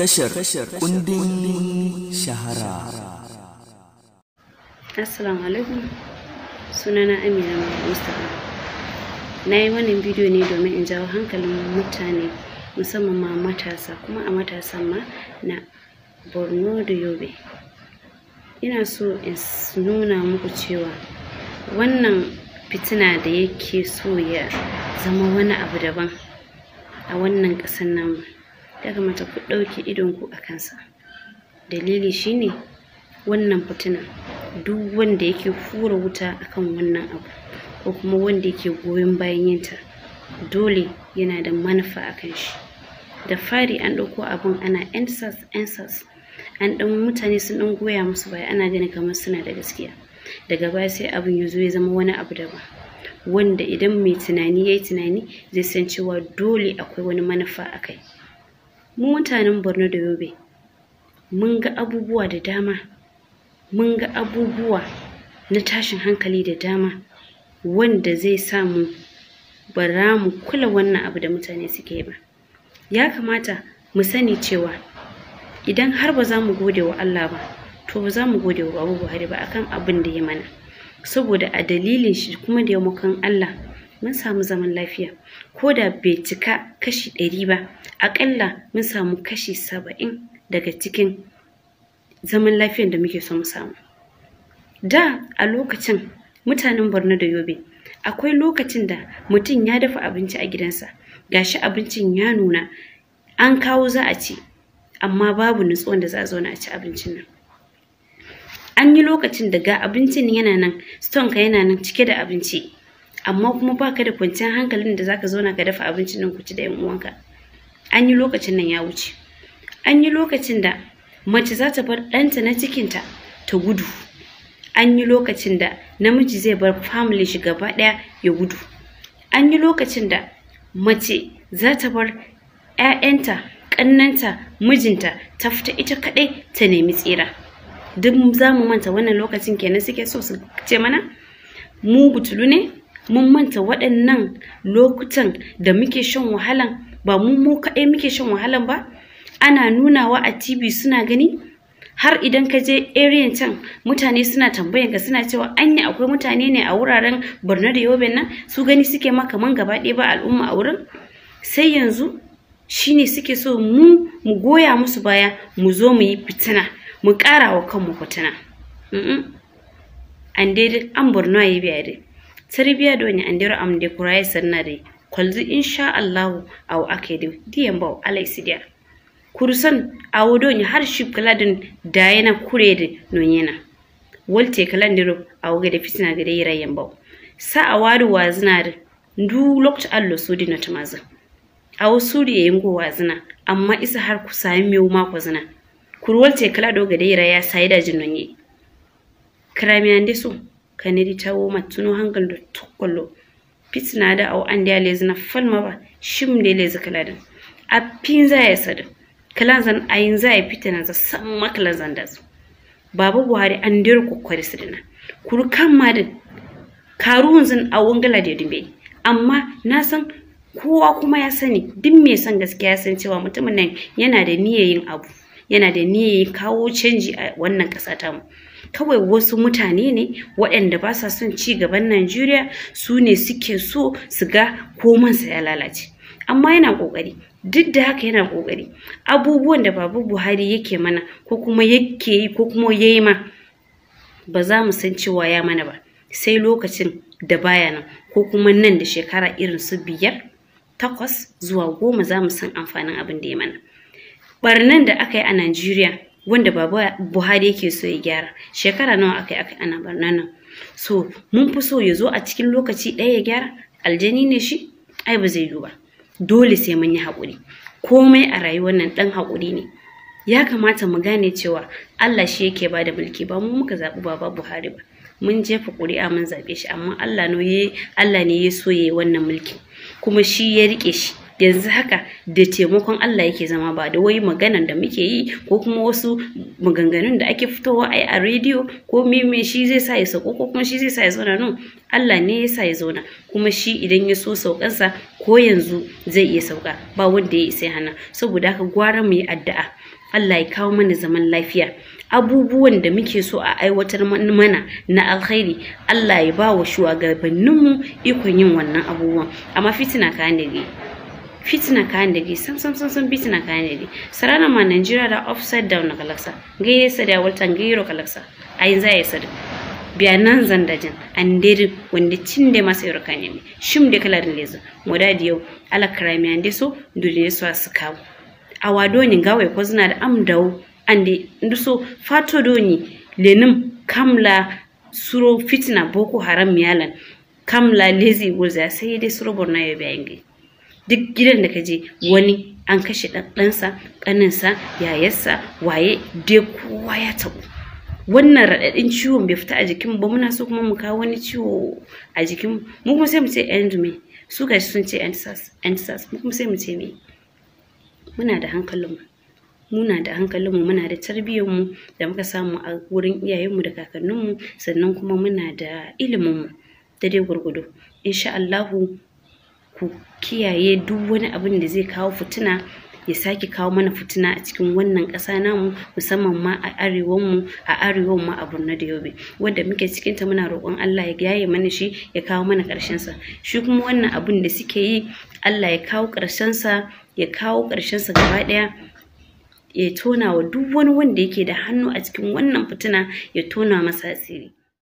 tashar kundin shahara assalamu alaikum sunana amina mustapha na yi wannan bidiyo ne domin in jawo hankalin mutane musamman ma matasa kuma a matasa ma na borno da yobe ina so in nuna muku cewa wannan fitina da yake so ya zama wani abu daban a wannan ƙasar namu Daga mata ku ɗauke idonku a kansa dalili shine wannan fitinan duk wanda yake fura wuta akan wannan abu ko kuma wanda yake goyon bayan yinta dole yana da manufa a kan shi da fari an ɗauko abun ana ansas ansas an ɗan mutane sun ɗan goya musu baya ana gani kamar suna da gaskiya daga baya sai abin ya zo ya zama wani abu daba. wanda idan mai tunani ya yi tunani zai san cewa dole akwai wani manufa a kai mu mutanen borno da yobe mun ga abubuwa da dama mun ga abubuwa na tashin hankali da dama wanda zai sa ba za mu kula wannan abu da mutane suke ba ya kamata mu sani cewa idan har ba za mu gode wa Allah ba to ba za mu gode wa Abu Buhari ba akan abin da ya mana saboda a dalilin shi kuma da kan Allah mun samu zaman lafiya ko da bai cika kashi ɗari ba aƙalla mun samu kashi saba'in daga cikin zaman lafiyan da muke so mu samu da a lokacin mutanen borno da yobe akwai lokacin da mutum ya dafa abinci a gidansa gashi abincin ya nuna an kawo za a ci amma babu nutsuwan da za a zauna a ci abincin nan an yi lokacin da ga abincin yana nan stonka yana nan cike da abinci amma kuma baka da kwanciyar hankalin da zaka zauna ka dafa abincin nan ku ci da yan uwanka an yi lokacin nan ya wuce an yi lokacin da mace za ta bar ɗanta na cikinta ta gudu an yi lokacin da namiji zai bar family shi gaba ɗaya ya gudu an yi lokacin da mace za ta bar 'ya'yanta ƙannanta mijinta ta fita ita kaɗai ta nemi tsira duk za mu manta wannan lokacin kenan suke so su ce mana mu butulu ne mun manta waɗannan lokutan da muke shan wahalan ba mu mu kaɗai muke shan wahalan ba ana nunawa a tv suna gani har idan ka je area can mutane suna tambayan ka suna cewa an yi akwai mutane ne a wuraren borno da yobe nan su gani suke ma kaman gaba ɗaya ba al'umma a wurin sai yanzu shine suke so mu mu goya musu baya mu zo mu yi fitina mu ƙara wa kanmu fitina an daidai an borno ya yi biya dai tarbiyya do ni andiro am de kurai sannare kolzu insha Allah ake akede diyan baw alai sidia kurusan awo do ni har shib kaladin dayena kurede no nyena wolte kalandiro aw gede fitina gede yirayen baw sa awadu wazinare ndu lokt allo sudi na awo sudi yengo wazina amma isa har ku sami mewu mako zina kurwal tekala do gade yira ya da jinnonye kramiyan ma mattuno hangal do tokkollo pitsinada aw andi a lesna falmaba shimde lezi kaladan a pinza ya sada kalanzan a yinza ya za samma kalanzan dazu Babu buhari an dir kokkori na. kuru kan madin karuhun zan a wangala da dumbe amma na san kowa kuma ya sani duk mai son gaskiya san cewa mutumin nan yana da niyyar yin abu yana da niyyar kawo canji a wannan ƙasa kawai wasu mutane ne waɗanda ba sa son ci gaban Najeriya su ne suke so su ga komansa ya lalace amma yana ƙoƙari duk da haka yana ƙoƙari abubuwan da babu Buhari yake mana ko kuma yake yi ko kuma yayi ma ba za mu san cewa ya mana ba sai lokacin da baya nan ko kuma nan da shekara irin su biyar takwas zuwa goma za mu san amfanin abin da ya mana barnan da aka yi a Najeriya wanda baba buhari yake so ya gyara shekara nawa aka yi aka ana barna nan so mun fi so ya zo a cikin lokaci ɗaya ya gyara aljani ne shi ai ba zai yiwu ba dole sai mun yi haƙuri komai a rayuwar nan ɗan hakuri ne ya kamata mu gane cewa Allah shi yake ba da mulki ba mu muka zaɓi baba Buhari ba mun jefa ƙuri'a mun zaɓe shi amma Allah ne Allah ne ya yi wannan mulki kuma shi ya rike shi yanzu haka da taimakon Allah yake zama ba da wai maganan da muke yi ko kuma wasu maganganun da ake fitowa a a rediyo ko meme shi zai sa ya sauko ko kuma shi zai sa ya zauna nan Allah ne ya sa ya zauna kuma shi idan ya so saukansa ko yanzu zai iya sauka ba wanda ya isa hana saboda haka gwara mu yi addu'a Allah ya kawo mana zaman lafiya abubuwan da muke so a aiwatar mana na alkhairi Allah ya ba wa shugabanninmu ikon yin wannan abubuwan amma fitina ka ne fitina kayan da sam sam sam sam fitina kayan da sarana ma nigeria da offside down na kalaksa gaye sa da waltan gairo kalaksa yin za ya biya biyanan zandajin an deri wanda cin da masa yaro kan yami shim da kalarin lezo modadi yau ala crime an so dole su su kawo a wado ni gawai ko zina da dawo an da so fato doni lenin kamla suro fitina boko haram miyalan kamla lezi wulza sai dai suro borna ya biyangi duk gidan da ka je wani an kashe ɗansa ƙaninsa yayarsa waye dai kowa ya taɓu wannan raɗaɗin ciwon bai fita a jikin ba muna so kuma mu kawo wani ciwo a jikin mu kuma sai mu ce endome su gashi sun ce endsars mu kuma sai mu ce me muna da hankalinmu muna da hankalinmu muna da tarbiyyarmu da muka samu a wurin iyayenmu da kakanninmu sannan kuma muna da iliminmu da dai gwargwado insha Allahu ku kiyaye duk wani abin da zai kawo fitina ya sake kawo mana fitina a cikin wannan ƙasa namu musamman ma a arewan mu a arewan ma a Borno da Yobe wanda muke cikin ta muna roƙon Allah ya yaye mana shi ya kawo mana ƙarshen sa shi kuma wannan abin da suke yi Allah ya kawo ƙarshen sa ya kawo ƙarshen sa gaba ɗaya ya tona wa duk wani wanda yake da hannu a cikin wannan fitina ya tona masa asiri